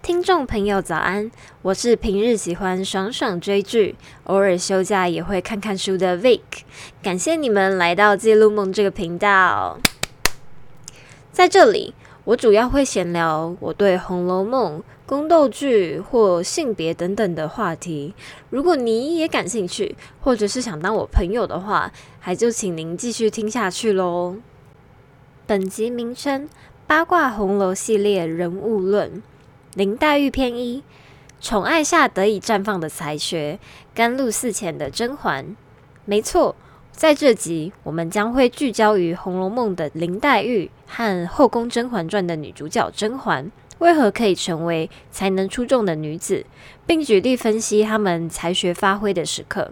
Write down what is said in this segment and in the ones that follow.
聽眾朋友早安，我是平日喜歡爽爽追劇，偶爾休假也會看看書的 Vic。感謝你們來到《記錄夢》這個頻道， 在這裡我主要會閒聊我對《紅樓夢》宮鬥劇或性別等等的話題。如果你也感興趣，或者是想當我朋友的話，還就請您繼續聽下去嘍。本集名稱：八卦紅樓系列人物論。林黛玉篇一，寵愛下得以綻放的才學，甘露寺前的甄嬛。沒錯，在這集我們將會聚焦於《紅樓夢》的林黛玉和後宮《甄嬛傳》的女主角甄嬛，為何可以成為才能出眾的女子，並舉例分析她們才學發揮的時刻。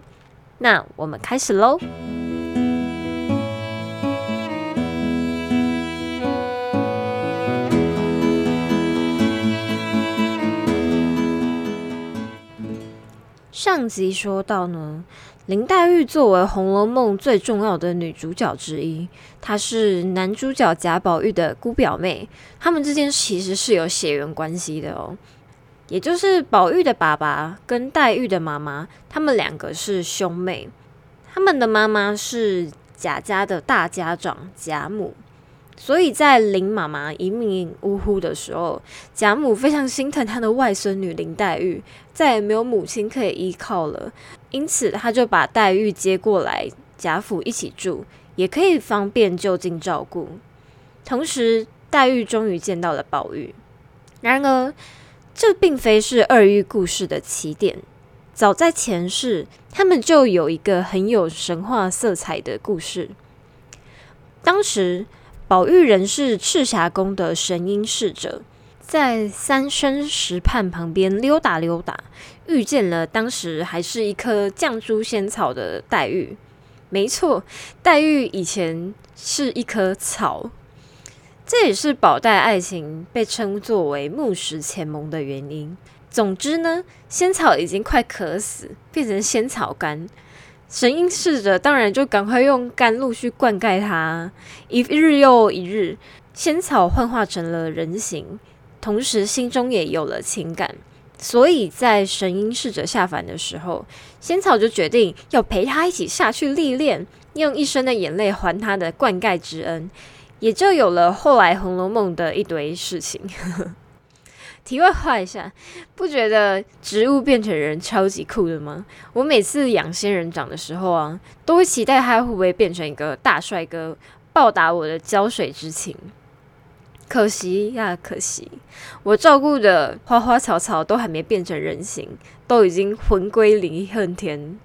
那我們開始嘍。上集說到呢，林黛玉作為《紅樓夢》最重要的女主角之一，她是男主角賈寶玉的姑表妹，他們之間其實是有血緣關係的哦。也就是寶玉的爸爸跟黛玉的媽媽，他們兩個是兄妹，他們的媽媽是賈家的大家長，賈母。所以在林媽媽一命嗚呼的時候，賈母非常心疼她的外孫女林黛玉，再也沒有母親可以依靠了，因此她就把黛玉接過來賈府一起住，也可以方便就近照顧。同時，黛玉終於見到了寶玉。然而，這並非是二玉故事的起點。早在前世，他們就有一個很有神話色彩的故事。當時，寶玉人是赤霞宮的神瑛侍者，在三生石畔旁邊溜達溜達，遇見了當時還是一棵絳珠仙草的黛玉。沒錯，黛玉以前是一棵草，這也是寶黛愛情被稱作為木石前盟的原因。總之呢，仙草已經快渴死，變成仙草乾。神瑛侍者當然就趕快用甘露去灌溉它，一日又一日，仙草幻化成了人形，同時心中也有了情感，所以在神瑛侍者下凡的時候，仙草就決定要陪他一起下去歷練，用一生的眼淚還他的灌溉之恩，也就有了後來《紅樓夢》的一堆事情。 題外話一下，不覺得植物變成人超級酷的嗎？我每次養仙人掌的時候啊，都會期待它會不會變成一個大帥哥，報答我的澆水之情。可惜呀，可惜，我照顧的花花草草都還沒變成人形，都已經魂歸離恨天。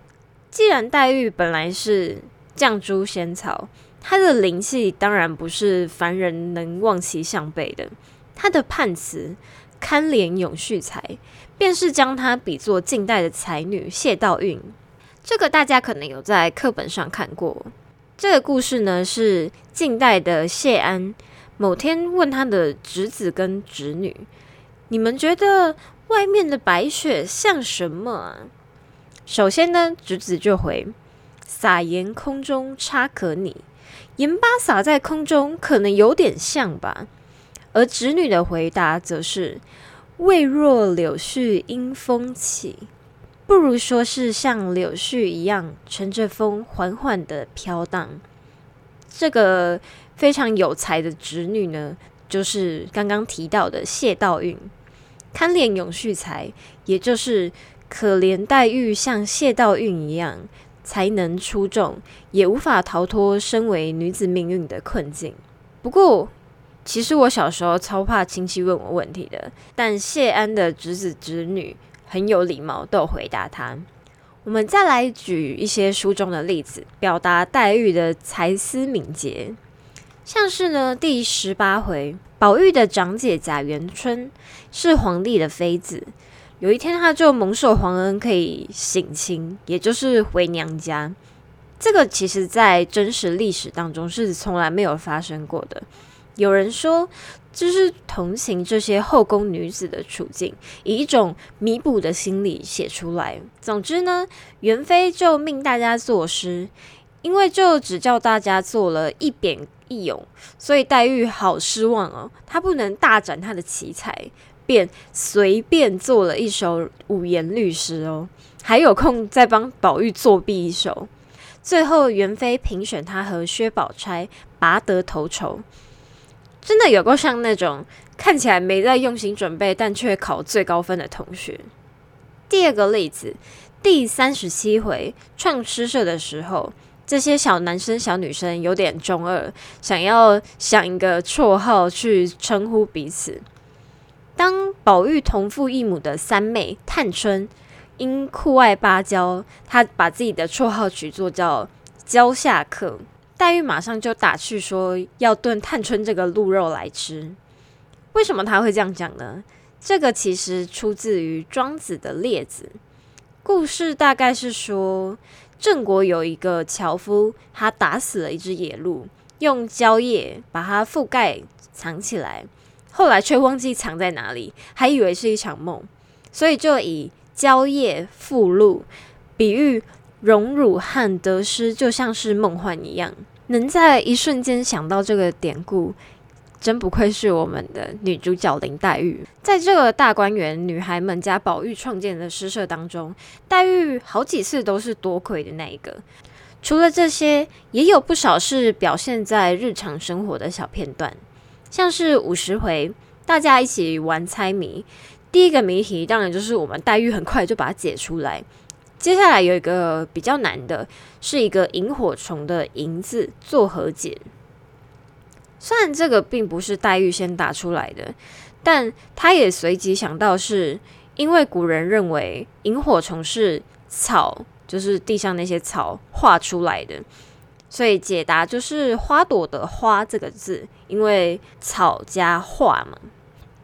既然黛玉本來是絳珠仙草，她的靈氣當然不是凡人能望其項背的，她的判詞。堪憐詠絮才，便是將她比作晉代的才女謝道韞。這個大家可能有在課本上看過。這個故事呢，是晉代的謝安某天問他的侄子跟侄女：“你們覺得外面的白雪像什麼啊？”首先呢，侄子就回：“撒鹽空中差可擬。”鹽巴撒在空中，可能有點像吧。而侄女的回答則是：“未若柳絮因風起”，不如說是像柳絮一樣，乘着風緩緩的飄蕩。這個非常有才的侄女呢，就是剛剛提到的謝道韞。堪憐詠絮才，也就是可憐黛玉像謝道韞一樣才能出眾，也無法逃脫身為女子命運的困境。不過，其實我小時候超怕親戚問我問題的，但謝安的侄子侄女很有禮貌，都回答他。我們再來舉一些書中的例子，表達黛玉的才思敏捷，像是呢第十八回，寶玉的長姐賈元春是皇帝的妃子，有一天她就蒙受皇恩可以省親，也就是回娘家。這個其實在真實歷史當中是從來沒有發生過的。有人說，就是同情這些後宮女子的處境，以一種彌補的心理寫出來。總之呢，元妃就命大家作詩，因為就只叫大家作了一匾一詠。所以黛玉好失望哦，她不能大展她的奇才，便隨便做了一首五言律詩哦。還有空再幫寶玉作弊一首。最後，元妃評選她和薛寶釵拔得頭籌。真的有過像那種看起來沒在用心準備，但卻考最高分的同學。第二個例子，第三十七回創詩社的時候，這些小男生小女生有點中二，想要想一個綽號去稱呼彼此。當寶玉同父異母的三妹探春因酷愛芭蕉，她把自己的綽號取作叫蕉下客。黛玉馬上就打趣說：“要燉探春這個鹿肉來吃。”為什麼他會這樣講呢？這個其實出自於《莊子》的《列子》。故事大概是說，鄭國有一個樵夫，他打死了一隻野鹿，用蕉葉把它覆蓋藏起來，後來卻忘記藏在哪裡，還以為是一場夢，所以就以蕉葉覆鹿比喻榮辱和得失，就像是夢幻一樣。能在一瞬間想到這個典故，真不愧是我們的女主角林黛玉。在這個大觀園女孩們加寶玉創建的詩社當中，黛玉好幾次都是奪魁的那一個。除了這些，也有不少是表現在日常生活的小片段，像是五十回大家一起玩猜謎，第一個謎題當然就是我們黛玉很快就把它解出來。接下來有一個比較難的，是一個螢火蟲的“螢”字作何解？雖然這個並不是黛玉先打出來的，但她也隨即想到，是因為古人認為螢火蟲是草，就是地上那些草化出來的，所以解答就是“花朵”的“花”這個字，因為草加化嘛，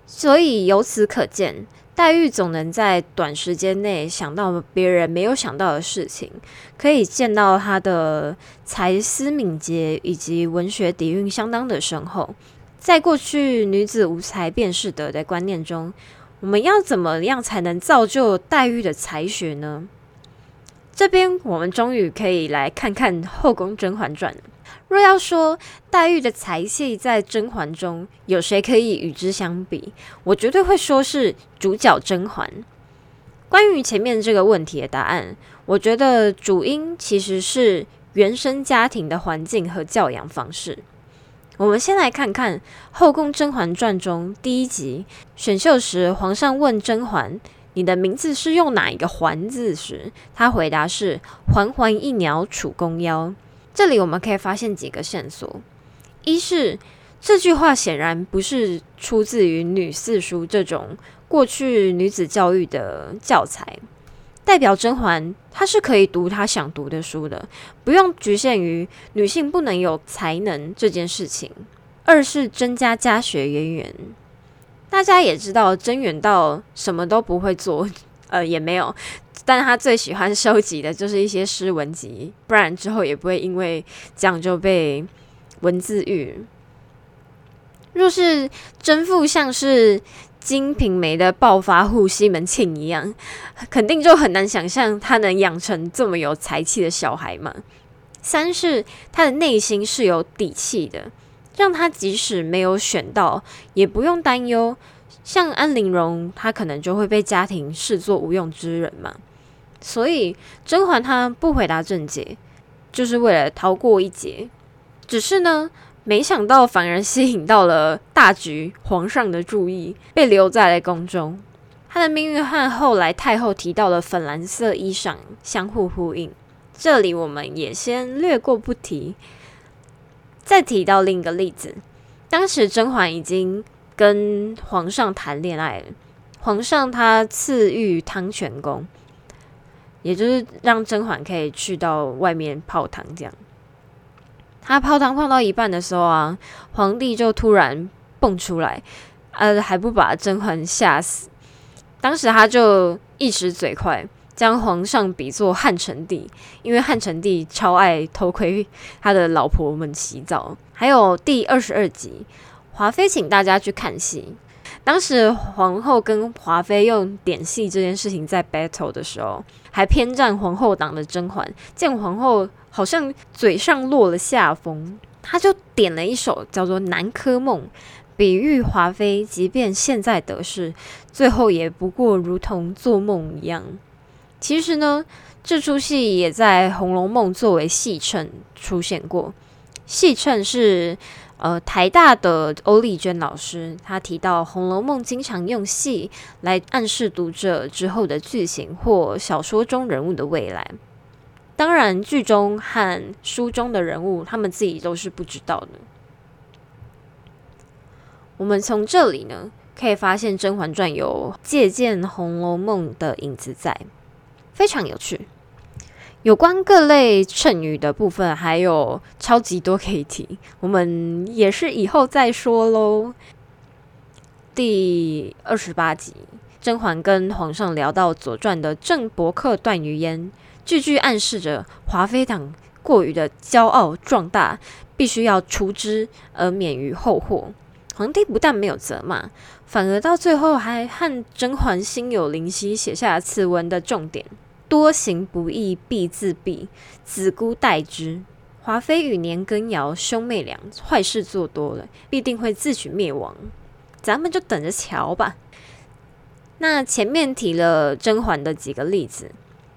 所以由此可見。黛玉總能在短時間內想到別人沒有想到的事情，可以見到她的才思敏捷以及文學底蘊相當的深厚。在過去女子無才便是德的觀念中，我們要怎麼樣才能造就黛玉的才學呢？這邊我們終於可以來看看《後宮甄嬛傳》。若要說黛玉的才氣在甄嬛中有誰可以與之相比，我絕對會說是主角甄嬛。關於前面這個問題的答案，我覺得主因其實是原生家庭的環境和教養方式。我們先來看看《後宮甄嬛傳》中第一集選秀時，皇上問甄嬛：“你的名字是用哪一個‘嬛’字？”時，她回答是：“嬛嬛一裊楚宮腰。”這裡我們可以發現幾個線索：一是這句話顯然不是出自於《女四書》這種過去女子教育的教材，代表甄嬛她是可以讀她想讀的書的，不用侷限於女性不能有才能這件事情；二是甄家家學淵源，源，大家也知道甄遠道什麼都不會做。呃，也沒有，但他最喜歡收集的就是一些詩文集，不然之後也不會因為這樣就被文字獄。若是甄父像是《金瓶梅》的暴發戶西門慶一樣，肯定就很難想象他能養成這麼有才氣的小孩嘛。三是他的內心是有底氣的，讓他即使沒有選到，也不用擔憂。像安陵容，她可能就會被家庭視作無用之人嘛，所以甄嬛她不回答正解，就是為了逃過一劫。只是呢，沒想到反而吸引到了大局皇上的注意，被留在了宮中。她的命運和後來太后提到的粉藍色衣裳相互呼應，這裡我們也先略過不提。再提到另一個例子，當時甄嬛已經。跟皇上談戀愛，皇上他賜予湯泉宮，也就是讓甄嬛可以去到外面泡湯這樣。他泡湯泡到一半的時候啊，皇帝就突然蹦出來，呃，還不把甄嬛嚇死。當時他就一時嘴快，將皇上比作漢成帝，因為漢成帝超愛偷窺他的老婆們洗澡。還有第二十二集。華妃請大家去看戲，當時皇後跟華妃用點戲這件事情在 battle 的時候，還偏站皇后黨的甄嬛，見皇后好像嘴上落了下風，她就點了一首叫做《南柯夢》，比喻華妃即便現在得勢，最後也不過如同做夢一樣。其實呢，這出戲也在《紅樓夢》作為戲稱出現過，戲稱是。呃，台大的歐麗娟老師，她提到《紅樓夢》經常用戲來暗示讀者之後的劇情或小說中人物的未來。當然，劇中和書中的人物，他們自己都是不知道的。我們從這裡呢，可以發現《甄嬛傳》有借鑑《紅樓夢》的影子在，非常有趣。有關各類稱語的部分，還有超級多可以提，我們也是以後再說嘍。第二十八集，甄嬛跟皇上聊到《左傳》的鄭伯克段於鄢，句句暗示着華妃黨過於的驕傲壯大，必須要除之而免於後禍。皇帝不但沒有責罵，反而到最後還和甄嬛心有靈犀，寫下了此文的重點。多行不義必自斃，子姑待之。華妃與年羹堯兄妹倆壞事做多了，必定會自取滅亡。咱們就等着瞧吧。那前面提了甄嬛的幾個例子，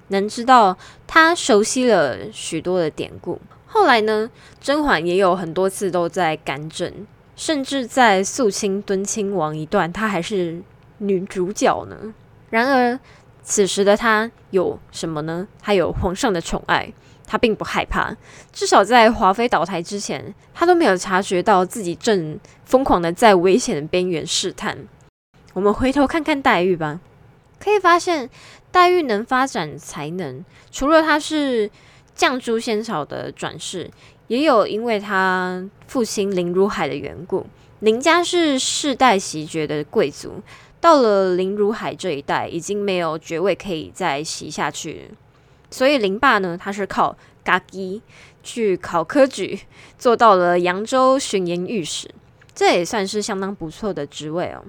能知道她熟悉了許多的典故。後來呢，甄嬛也有很多次都在干政，甚至在肅清敦親王一段，她還是女主角呢。然而。此時的他有什麼呢？他有皇上的寵愛，他並不害怕。至少在華妃倒台之前，他都沒有察覺到自己正瘋狂的在危險的邊緣試探。我們回頭看看黛玉吧，可以發現黛玉能發展才能，除了她是絳珠仙草的轉世，也有因為她父親林如海的緣故。林家是世代襲爵的貴族。到了林如海這一代，已經沒有爵位可以再襲下去，所以林爸呢，他是靠家己去考科舉，做到了揚州巡鹽御史，這也算是相當不錯的職位哦。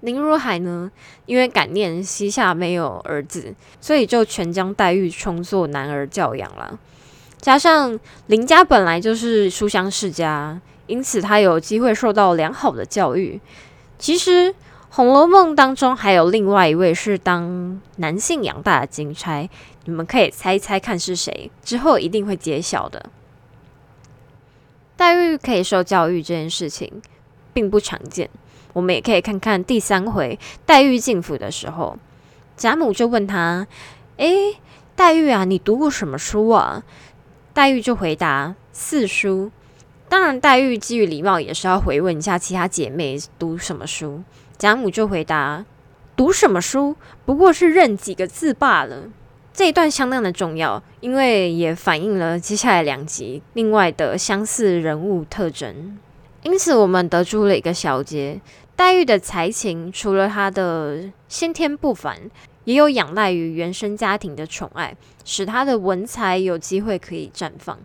林如海呢，因為感念膝下沒有兒子，所以就全將黛玉充作男兒教養了。加上林家本來就是書香世家，因此他有機會受到良好的教育。其實。《紅樓夢》當中還有另外一位是當男性養大的金釵，你們可以猜一猜看是誰，之後一定會揭曉的。黛玉可以受教育這件事情並不常見，我們也可以看看第三回黛玉進府的時候，賈母就問她：“誒，黛玉啊，你讀過什麼書啊？”黛玉就回答：“四書。”當然，黛玉基於禮貌也是要回問一下其他姐妹讀什麼書。賈母就回答：“讀什麼書，不過是認幾個字罷了。”這一段相當的重要，因為也反映了接下來兩集另外的相似人物特徵。因此，我們得出了一個小結：黛玉的才情，除了她的先天不凡，也有仰賴於原生家庭的寵愛，使她的文才有機會可以綻放。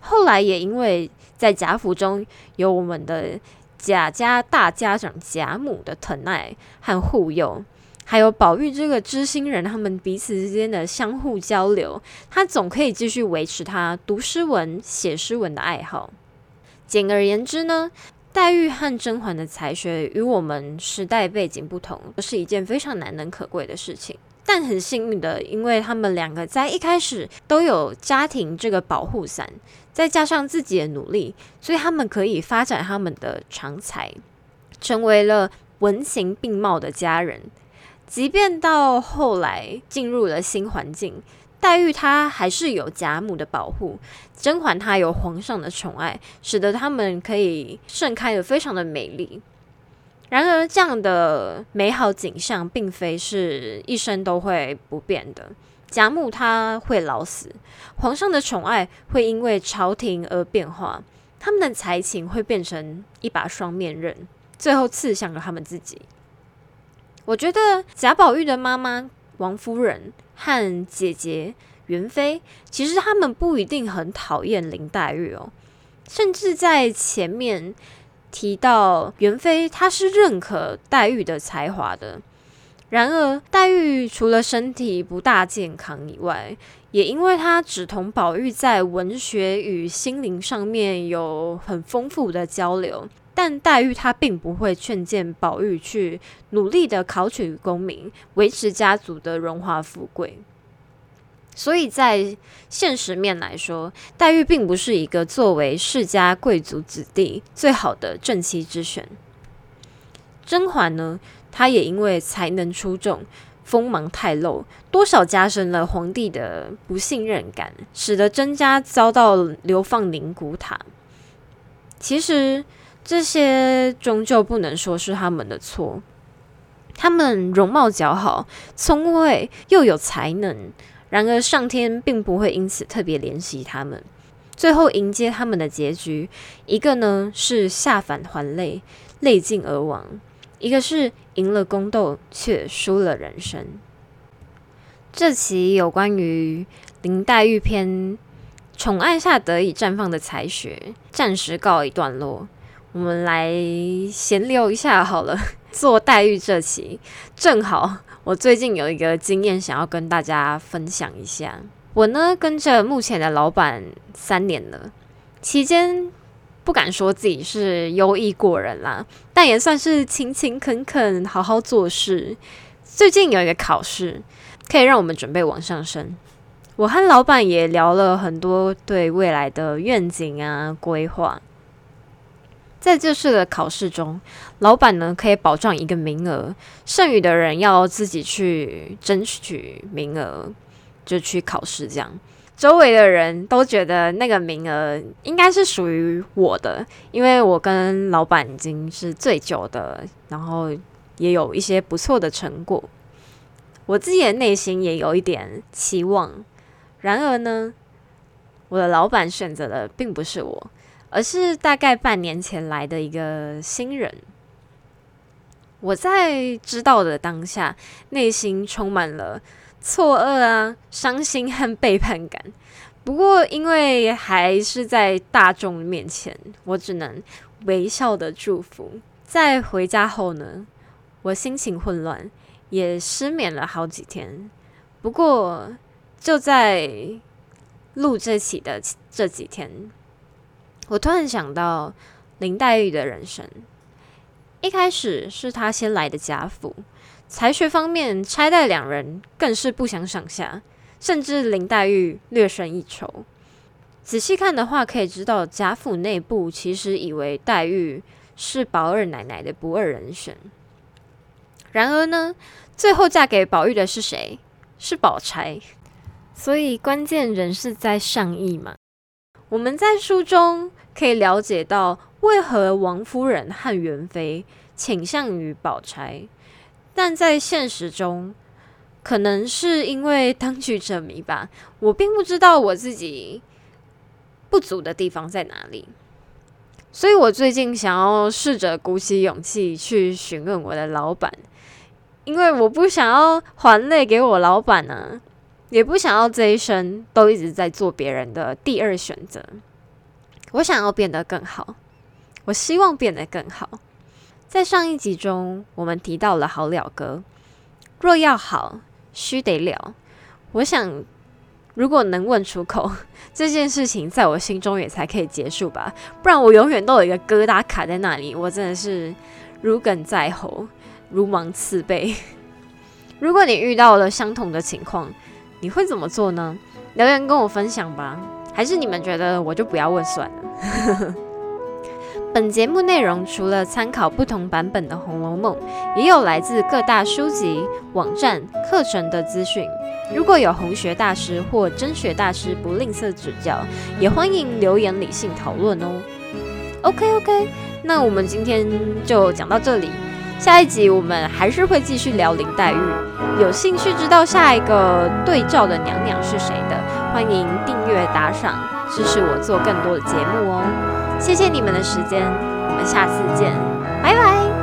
後來也因為在賈府中有我們的。賈家大家長賈母的疼愛和護佑，還有寶玉這個知心人，他們彼此之間的相互交流，他總可以繼續維持他讀詩文、寫詩文的愛好。簡而言之呢，黛玉和甄嬛的才學與我們時代背景不同，是一件非常難能可貴的事情。但很幸運的，因為他們兩個在一開始都有家庭這個保護傘。再加上自己的努力，所以他們可以發展他們的長才，成為了文情並茂的佳人。即便到後來進入了新環境，黛玉她還是有賈母的保護，甄嬛她有皇上的寵愛，使得他們可以盛開得非常的美麗。然而，這樣的美好景象並非是一生都會不變的。賈母他會老死，皇上的寵愛會因為朝廷而變化，他們的才情會變成一把雙面刃，最後刺向了他們自己。我覺得賈寶玉的媽媽王夫人和姐姐元妃，其實他們不一定很討厭林黛玉哦，甚至在前面提到元妃，她是認可黛玉的才華的。然而，黛玉除了身體不大健康以外，也因為她只同寶玉在文學與心靈上面有很豐富的交流，但黛玉她並不會勸諫寶玉去努力的考取功名，維持家族的榮華富貴。所以在現實面來說，黛玉並不是一個作為世家貴族子弟最好的正妻之選。甄嬛呢？他也因為才能出眾、鋒芒太露，多少加深了皇帝的不信任感，使得甄家遭到流放寧古塔。其實這些終究不能說是他們的錯。他們容貌姣好、聰慧又有才能，然而上天並不會因此特別憐惜他們。最後迎接他們的結局，一個呢是下凡還淚，淚盡而亡。一個是贏了宮鬥，卻輸了人生。這期有關於林黛玉篇，寵愛下得以綻放的才學，暫時告一段落。我們來閒聊一下好了。做黛玉這期，正好我最近有一個經驗想要跟大家分享一下。我呢跟着目前的老闆三年了，期間。不敢說自己是優異過人啦，但也算是勤勤懇懇、好好做事。最近有一個考試，可以讓我們準備往上升。我和老板也聊了很多對未來的願景啊、規劃。在這次的考試中，老板呢可以保障一個名額，剩餘的人要自己去爭取名額，就去考試這樣。周圍的人都覺得那個名額應該是屬於我的，因為我跟老闆已經是最久的，然後也有一些不錯的成果。我自己的內心也有一點期望。然而呢，我的老闆選擇的並不是我，而是大概半年前來的一個新人。我在知道的當下，內心充滿了。錯愕啊，傷心和背叛感。不過，因為還是在大眾面前，我只能微笑的祝福。在回家後呢，我心情混亂，也失眠了好幾天。不過，就在錄這期的這幾天，我突然想到林黛玉的人生。一開始是她先來的賈府。才學方面，釵黛兩人更是不相上下，甚至林黛玉略勝一籌。仔細看的話，可以知道賈府內部其實以為黛玉是寶二奶奶的不二人選。然而呢，最後嫁給寶玉的是誰？是寶釵。所以關鍵人是在上意嘛？我們在書中可以了解到，為何王夫人和元妃傾向於寶釵。但在現實中，可能是因為當局者迷吧。我並不知道我自己不足的地方在哪裡，所以我最近想要試着鼓起勇氣去詢問我的老板，因為我不想要還淚給我老板呢、啊，也不想要這一生都一直在做別人的第二選擇。我想要變得更好，我希望變得更好。在上一集中，我們提到了好了歌，若要好，須得了。我想，如果能問出口，這件事情在我心中也才可以結束吧。不然，我永遠都有一個疙瘩卡在那裡，我真的是如鯁在喉，如芒刺背。 如果你遇到了相同的情況，你會怎麼做呢？留言跟我分享吧。還是你們覺得我就不要問算了？ 本節目內容除了參考不同版本的《紅樓夢》，也有來自各大書籍、網站、課程的資訊。如果有紅學大師或甄學大師不吝嗇指教，也歡迎留言理性討論哦。OK OK，那我們今天就講到這裡。下一集我們還是會繼續聊林黛玉。有興趣知道下一個對照的娘娘是誰的，歡迎訂閱打賞支持我做更多的節目哦。謝謝你們的時間，我們下次見，拜拜。